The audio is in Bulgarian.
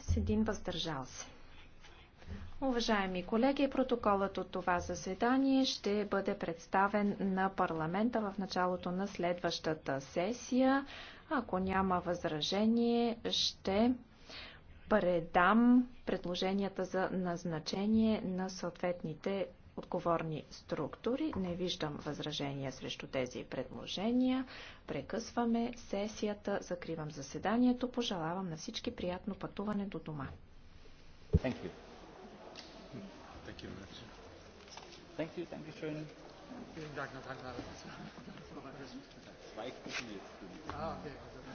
с един въздържал се. Уважаеми колеги, протоколът от това заседание ще бъде представен на парламента в началото на следващата сесия. Ако няма възражение, ще предам предложенията за назначение на съответните отговорни структури. Не виждам възражения срещу тези предложения. Прекъсваме сесията, закривам заседанието. Пожелавам на всички приятно пътуване до дома. Thank you. Thank you. Thank you. Thank you. Thank you. Thank you. Thank you. Thank you.